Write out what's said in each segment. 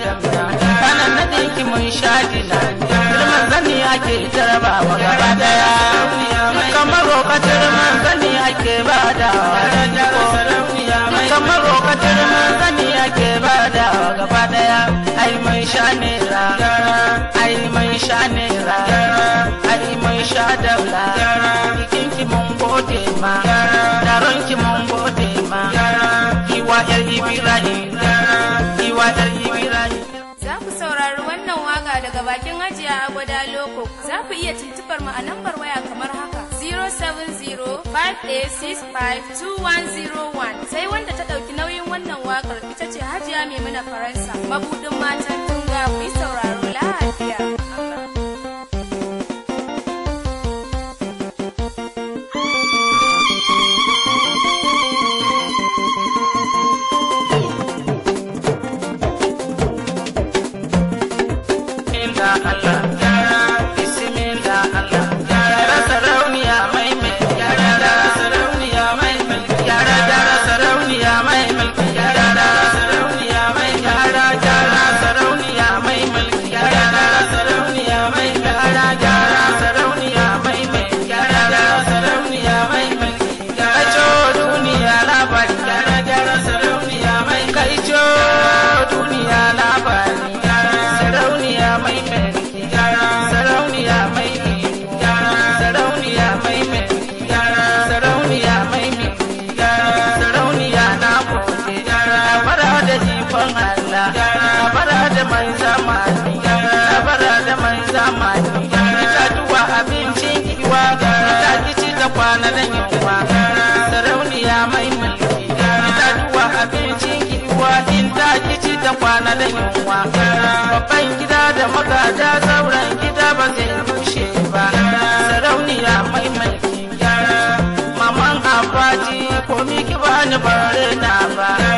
kanan na ɗinki mun sha dila girman zani ake jarabawa gaba daya kamar rokatar man zani ake badawa kamar rokatar man zani ake badawa gaba daya ai mun sha naira ai mun sha naira ai mun sha daula bikinki mun gode ma daronki mun gode ma kiwa yar ibrahim bakin hajiya agwada loko za ku iya tuntubar mu a lambar waya kamar haka 070-5865-2101 sai wanda ta ɗauki nauyin wannan wakar ita ce hajiya mai mana faransa mabudin matan tunga ku yi saurari zan yi kuma sarauniya mai mulki itatuwa abincin kiwa in ta kici ta kwana zan yi kuma babban gida da magada sauran gida ba zai rushe ba sarauniya mai mulki maman akwati komi ki bani bare na ba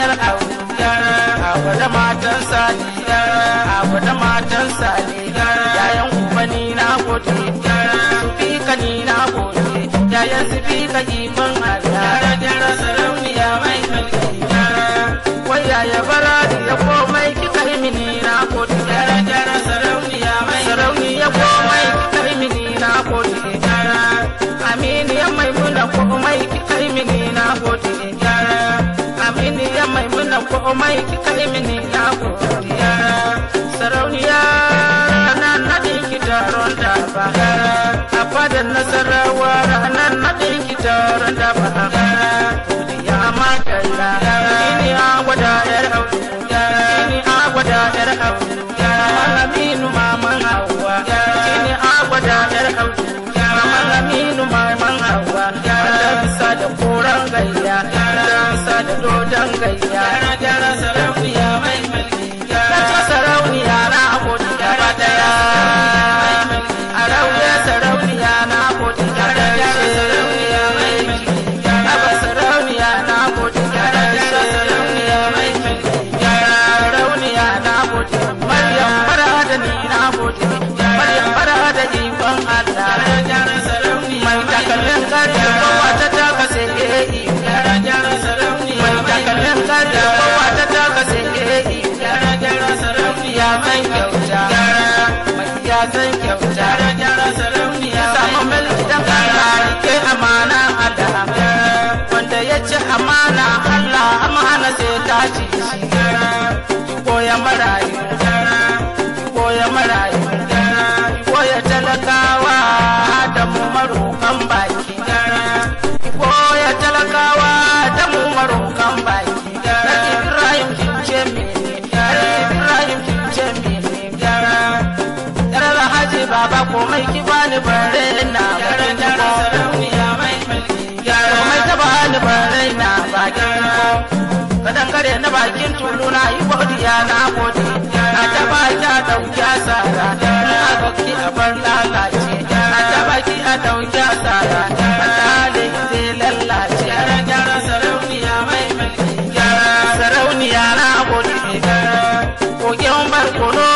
ranar auliya a gwada matan saliya a gwada matan saliya yayan uba ni na gode ka ni na gode yayan sufika ikon Allah gyara gyara sarauniya mai kalkariya wai yaya bara da komai komai ki kai mini na godiya sarauniya ranar naɗin ki taron da ba a fadar nasarawa ranar ki taron da ba godiya ni a gwada yar ni a gwada yar aminu maman hawa ni a gwada yar aminu maman hawa da bisa da koran gidan gayya. Jara san kyauta da gyara sarauniya samu melu kara rike amana a da wanda ya ci amana Allah amana sai ta ci shi koyan marayu tulu na yi godiya na gode a taba ki ya dauki asara na dauki a bar lalace a taba ki a dauki asara a tare zai lalace gyara gyara sarauniya mai mulki gyara sarauniya na ne ko gode kogin ya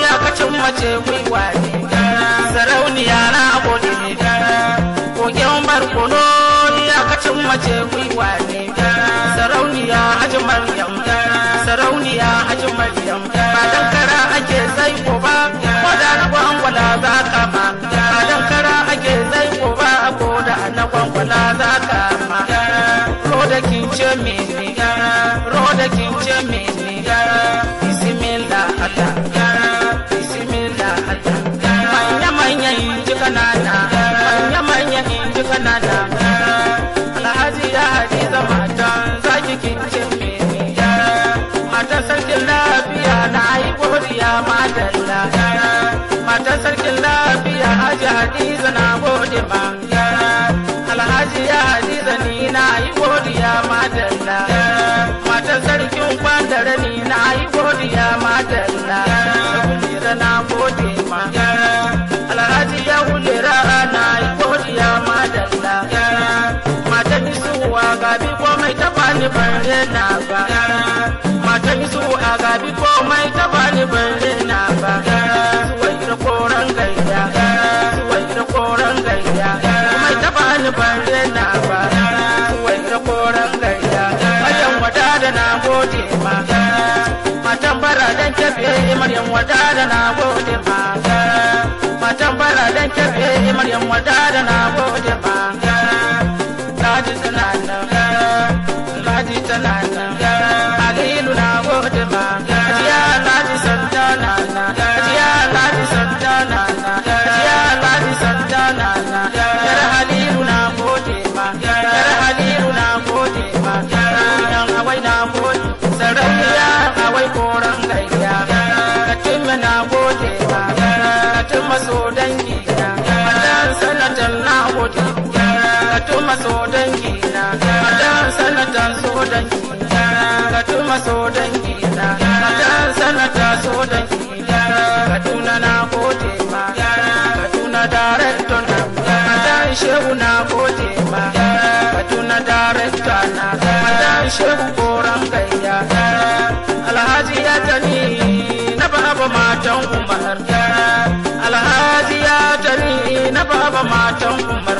iyakacin mace gwiwa ne sarauniya na gode kogin barkono iyakacin mace gwiwa ne maryam ba dan kara ake zai ko ba ko da na gwangwala za ka ma ba dan kara ake zai ko ba ko da na gwangwala za ka ma ro da kince me ni ro da kince me ni bismillah ata bismillah ata manya manyan jikana Hadiza na gode manga Alhaji Hadiza ni na yi godiya madalla Matan sarkin kwandare ni na yi godiya madalla Hadiza na gode manga Alhaji ya na yi godiya madalla Matan isuwa gabi bare na maryam wadada na gode mata matan fara dan kebe maryam wadada na gode mata kaji tana nan kaji tana nan alilu na gode mata jiya kaji santana na jiya kaji santana na jiya kaji santana na ya halilu na gode ma ya halilu na gode ma yar hawai na gode ya sodan dan ki na ta sana so dan Kaduna na gode ma Kaduna director na Madan Shehu na gode ma Kaduna director na Madan Shehu goran gayya Alhaji ya tani na baba matan Umar Alhaji ya tani na baba matan Umar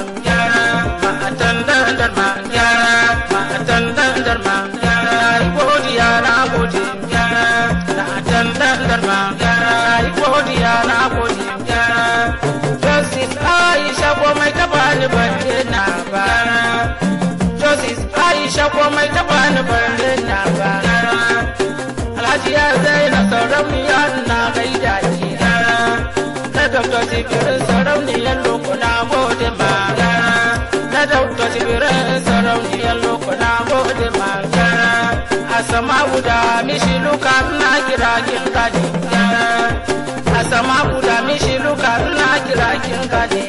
dauka jibirin sarauniyar lokuna gode magana na dauka jibirin sarauniyar lokuna gode magana a sama guda mishi luka na kira kin gadi a sama guda mishi luka na kira kin gadi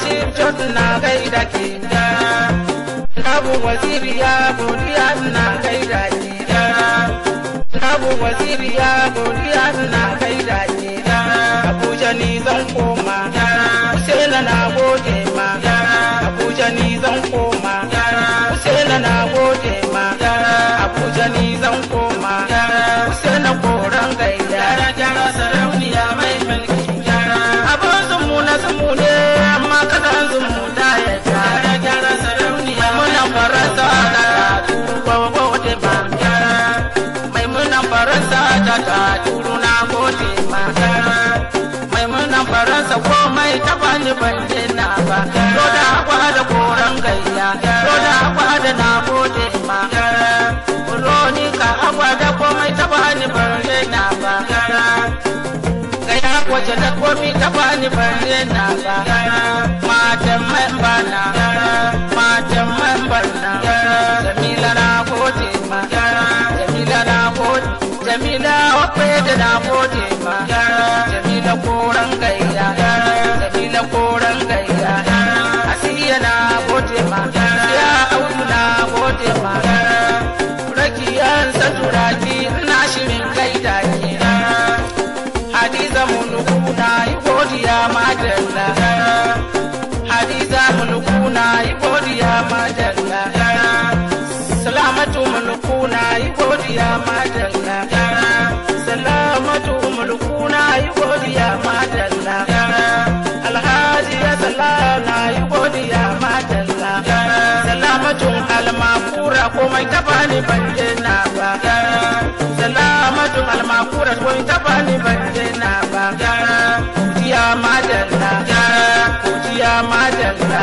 cin Jos na gaida ke da. Abu waziri ya godiya na gaida ke da. Abu waziri ya godiya na gaida ke da. Abuja ni zan koma. da ta turu na gode Mai maimunan faransa komai ta bani ban na ba roda akwa da koran gayya roda akwa da na gode maka ka akwa da komai ta bani ban na ba gaya kwace da komai ta bani ban na ba matan memba na matan memba na da na gode ma jamila koran gayya jamila koran gayya asiya na bote ma ya audu na gode ma rakiyan saturaki ina shirin gaida ke hadiza muluku na yi godiya hadiza muluku na yi godiya salamatu muluku na yi godiya godiya madalla alhaji ya salla na yi godiya madalla salamatun almakura komai ta bani ban dena ba salamatun almakura mai taba ni ban dena ba godiya madalla godiya madalla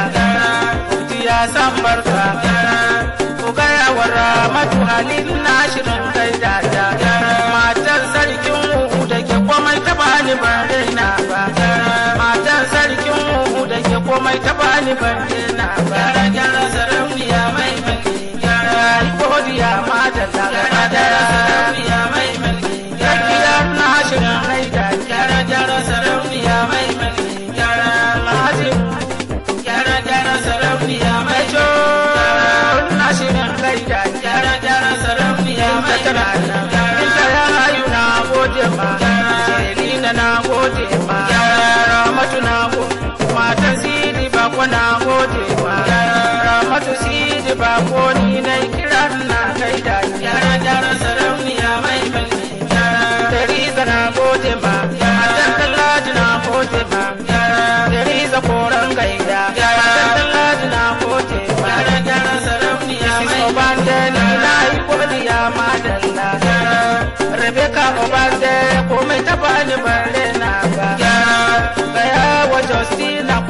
godiya san barka ko gaya wa ramatu halin na shirin kai da komai taba ni ba ba matan sarkin mu da ke komai taba ni ba raina ba gyara sarauniya mai mulki gara godiya ma da gyara sarauniya mai mulki na shirin raida gyara gyara sarauniya mai mulki gyara mai na gode ba yara matu na mata matan sidi bako na gode ba yara matu sidi bako ni na kira na da yara yara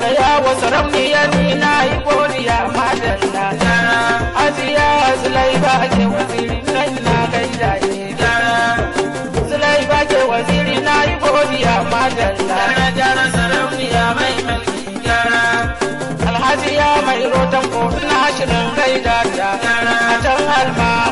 da yawa sarauniyar na yi waziri na waziri na yi godiya madalla darajar sarauniya mai alhaji ya mai rotan ko na gaida da a can halma